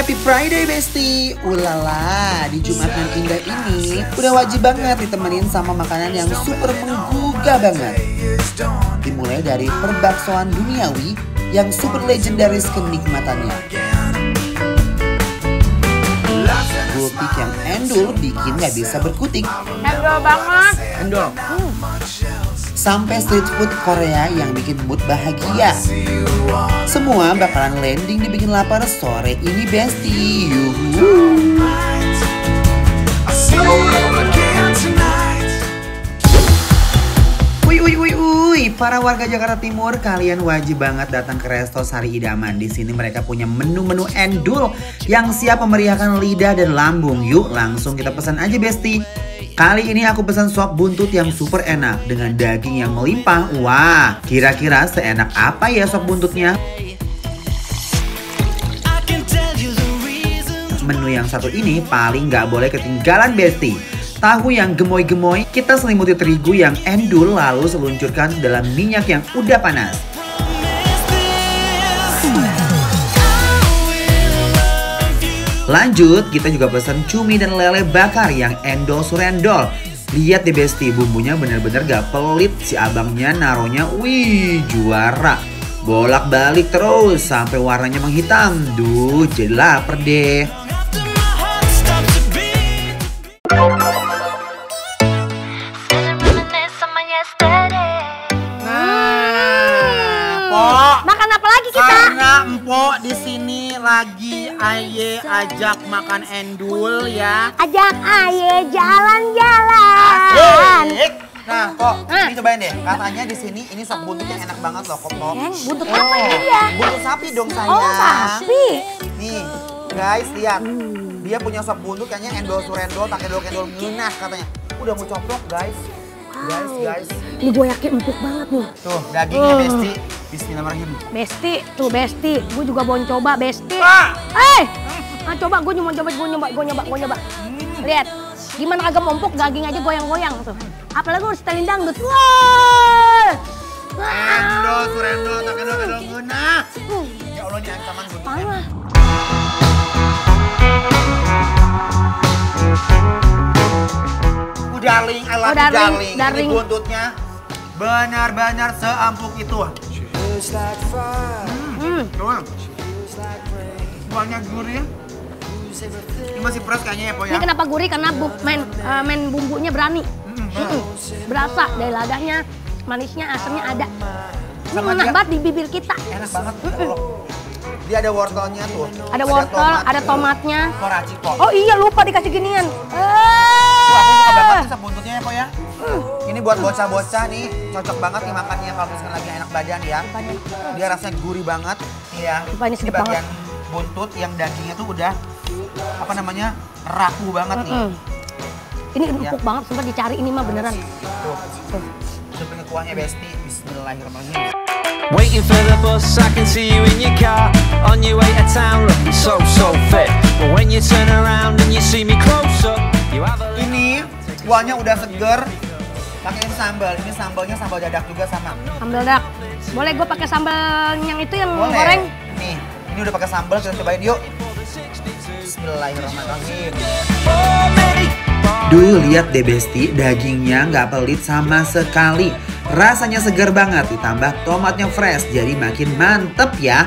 Happy Friday Besti Ulala di Jumat yang indah ini Udah wajib banget ditemenin sama makanan yang super menggugah banget Dimulai dari perbaksoan duniawi yang super legendaris kenikmatannya Gultik yang endul bikin gak bisa berkutik Endul banget Endul hmm sampai street food Korea yang bikin mood bahagia. Semua bakalan landing dibikin lapar sore ini bestie. Yuhu. para warga Jakarta Timur, kalian wajib banget datang ke Resto Sari Idaman. Di sini mereka punya menu-menu endul yang siap memeriahkan lidah dan lambung. Yuk, langsung kita pesan aja, Besti. Kali ini aku pesan sop buntut yang super enak dengan daging yang melimpah. Wah, kira-kira seenak apa ya sop buntutnya? Menu yang satu ini paling nggak boleh ketinggalan Besti. Tahu yang gemoy-gemoy, kita selimuti terigu yang endul lalu seluncurkan dalam minyak yang udah panas. Lanjut, kita juga pesan cumi dan lele bakar yang endol surendol. Lihat deh Besti, bumbunya bener-bener gak pelit. Si abangnya naronya, wih juara. Bolak-balik terus sampai warnanya menghitam. Duh, jadi lapar deh. empok di sini lagi aye ajak makan endul ya. Ajak aye jalan-jalan. Nah, kok nah. ini cobain deh. Katanya di sini ini sop buntutnya enak banget loh, kok. Neng, buntut oh, apa ini ya? Buntut sapi dong saya. Oh, sapi. Nih, guys lihat. Dia punya sop buntut kayaknya endol surendol, pakai endol endol nah, katanya. Udah mau coplok, guys. Guys, guys. Ini gue yakin empuk banget nih. Tuh, dagingnya uh. Besti. Bismillahirrahmanirrahim. Besti, tuh Besti. Gue juga mau coba Besti. Eh! Ah. Eh, nah, coba gue cuma coba, gue nyoba, gue nyoba, gue nyoba. Hmm. Lihat, gimana agak empuk daging aja goyang-goyang tuh. Apalagi gue setelin dangdut. Wow. Rendo, tuh Rendo, tak kena kena guna. Ya Allah, ini ancaman gue. Parah. Oh, darling, darling, darling. ini buntutnya benar-benar seampuk itu. Hmm, hmm Buahnya gurih. Ya. Ini masih fresh kayaknya ya, pokoknya. Ini kenapa gurih? Karena bu, main, uh, main bumbunya berani. Hmm, hmm, -hmm. Berasa dari ladahnya, manisnya, asamnya ada. Ini menambah hmm, enak banget di bibir kita. Enak banget. Hmm. Dia ada wortelnya tuh. Ada wortel, ada, tomat, ada gitu. tomatnya. Oh iya, lupa dikasih ginian. Eh aku suka ah. buntutnya ya, Pak ya. Ini buat bocah-bocah nih, cocok banget nih makannya kalau misalkan lagi enak badan ya. Dia rasanya gurih banget. ya. Ini sedap bagian banget. buntut yang dagingnya tuh udah apa namanya? raku banget nih. -hmm. Ini iya. empuk ya. banget, sempat dicari ini mah beneran. Gitu. Tuh. Tuh. kuahnya Besti. Bismillahirrahmanirrahim. Waiting for the bus, I can see you in your car On your way to town, looking so, so fit But when you turn around and you see me close up ini kuahnya udah seger, pakai sambal. Ini sambalnya sambal dadak juga sama. Sambal dadak. Boleh gue pakai sambal yang itu yang Boleh. goreng? Nih, ini udah pakai sambal, kita cobain yuk. Bismillahirrahmanirrahim. Duh, lihat deh Besti, dagingnya nggak pelit sama sekali. Rasanya segar banget, ditambah tomatnya fresh, jadi makin mantep ya.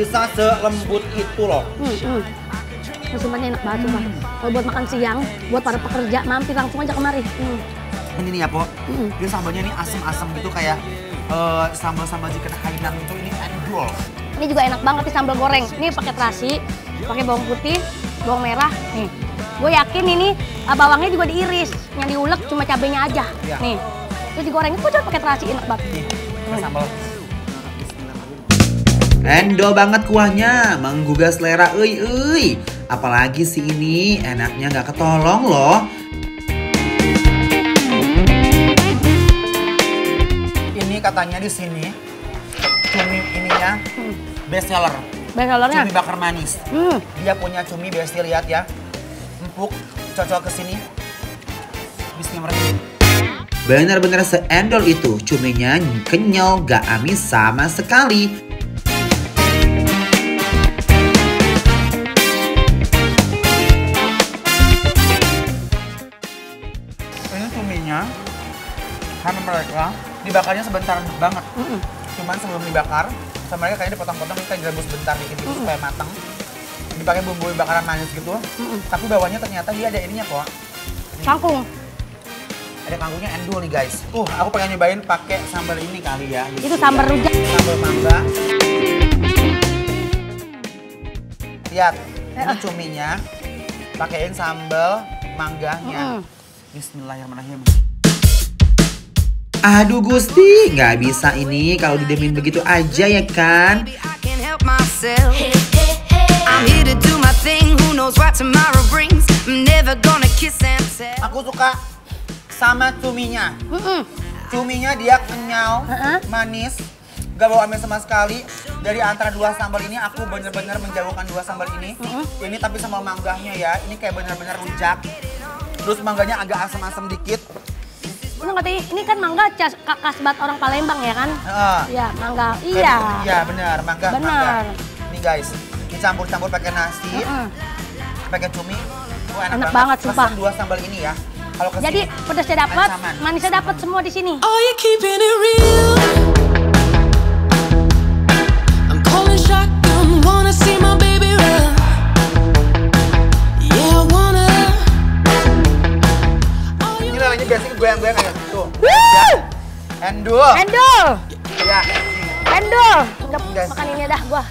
bisa selembut itu loh. Hmm, hmm. Musimannya enak banget hmm. Kalau buat makan siang, buat para pekerja, mampir langsung aja kemari. Hmm. Ini nih ya, Po. Hmm. Ini sambalnya ini asem-asem gitu kayak uh, sambal-sambal jika Hainan itu ini endul. Ini juga enak banget di sambal goreng. Ini pakai terasi, pakai bawang putih, bawang merah. Nih, gue yakin ini eh, bawangnya juga diiris. Yang diulek cuma cabenya aja. Ya. Nih, terus digorengnya pun juga pakai terasi enak banget. Nih, hmm. sambal Endo banget kuahnya, menggugah selera ui ui. Apalagi sih ini, enaknya nggak ketolong loh. Ini katanya di sini cumi ininya best seller. Best sellernya? Cumi bakar manis. Hmm. Dia punya cumi besti lihat ya. Empuk, cocok ke sini. bener bener benar seendol itu, cuminya kenyal, gak amis sama sekali. karena mereka dibakarnya sebentar banget. Mm -hmm. Cuman sebelum dibakar, sama mereka kayaknya dipotong-potong kita direbus sebentar dikit mm -hmm. supaya matang. Dipakai bumbu bakaran manis gitu. Mm -hmm. Tapi bawahnya ternyata dia ada ininya kok. Kangkung. Ada kangkungnya endul nih guys. Uh, aku pengen nyobain pakai sambal ini kali ya. Itu sambal rujak. Sambal mangga. Lihat, ini eh. cuminya. Pakaiin sambal mangganya. Mm -hmm. Bismillahirrahmanirrahim. Aduh Gusti, nggak bisa ini kalau didemin begitu aja ya kan? Aku suka sama cuminya. Cuminya dia kenyal, manis, gak bau amis sama sekali. Dari antara dua sambal ini aku bener-bener menjauhkan dua sambal ini. Ini tapi sama mangganya ya, ini kayak bener-bener rujak. Terus mangganya agak asam-asam dikit katanya ini kan mangga cas, bat orang Palembang ya kan? Iya, uh, mangga. Kan, iya. Iya, benar, mangga. Benar. Ini guys, dicampur-campur pakai nasi, Uh -uh. pakai cumi. Oh, enak, enak banget, banget sumpah. dua sambal ini ya. Kalau kesini, Jadi pedasnya dapat, manisnya dapat semua di sini. Oh, you keeping it real. basic goyang-goyang kayak gitu. Ya. Endul. Endul. Ya. Endul. Enggak makan ini dah gua.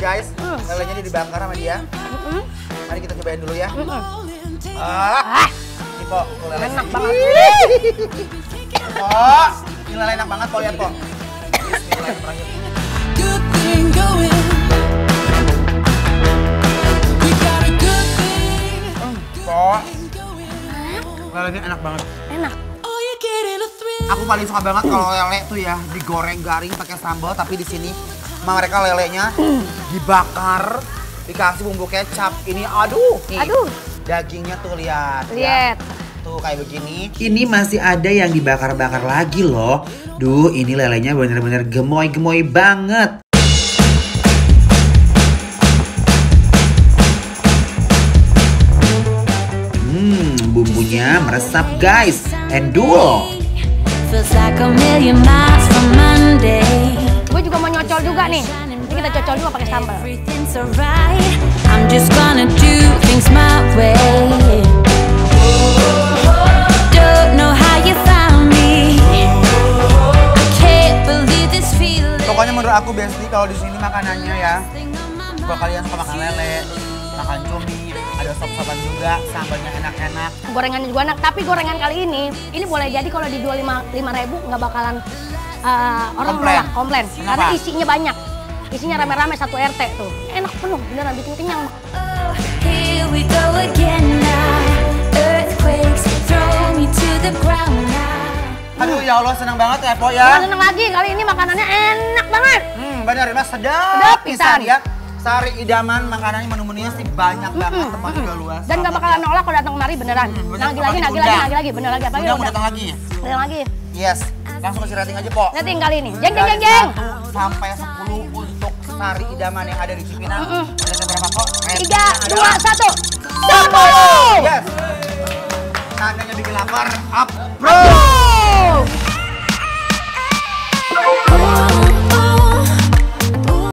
Guys, mm. lelenya ini dibakar sama dia. Mm -mm. Mari kita cobain dulu ya. Mm -mm. Ah. ah. Tipo, lele enak banget. oh, ini lele enak banget kok lihat kok. Good thing going enak banget enak. Oh, Aku paling suka banget kalau lele tuh ya digoreng garing pakai sambal, tapi di sini mereka lelenya dibakar dikasih bumbu kecap. Ini aduh, nih, aduh. Dagingnya tuh lihat. Ya. Lihat. Ya tuh kayak begini. Ini masih ada yang dibakar-bakar lagi loh. Duh, ini lelenya benar-benar gemoy-gemoy banget. resap guys duo gue juga mau nyocol juga nih nanti kita cocol juga pakai sambal I'm just gonna do things my way Pokoknya menurut aku Besti kalau di sini makanannya ya, kalau kalian suka makan lele, sopan juga, sambalnya enak-enak. Gorengannya juga enak, tapi gorengan kali ini, ini boleh jadi kalau dijual lima, lima ribu nggak bakalan uh, orang komplain. Malah, komplain. Karena isinya banyak, isinya rame-rame satu RT tuh. Enak penuh, beneran bikin kenyang. Oh, here we go again now. Earthquakes throw me to the ground now. Aduh ya Allah senang banget ya Po ya. Senang lagi kali ini makanannya enak banget. Hmm benar mas sedap. Sedap pisan ya. Sari idaman makanannya menu-menunya sih banyak banget, mm -hmm. tempat juga luas. Dan gak bakalan ya. nolak kalau datang kemari beneran. Mm -hmm. Lagi lagi, nagi lagi, nagi lagi, bener lagi apa ya? Udah, datang lagi. Datang lagi. Yes. Langsung kasih rating aja, pok. Rating kali ini. Jeng jeng jeng jeng. sampai 10 untuk Sari idaman yang ada di Cipinang. Mm -hmm. Ada berapa, pok? Tiga, dua, satu. Sepuluh. Yes. Tandanya bikin lapar, up, bro.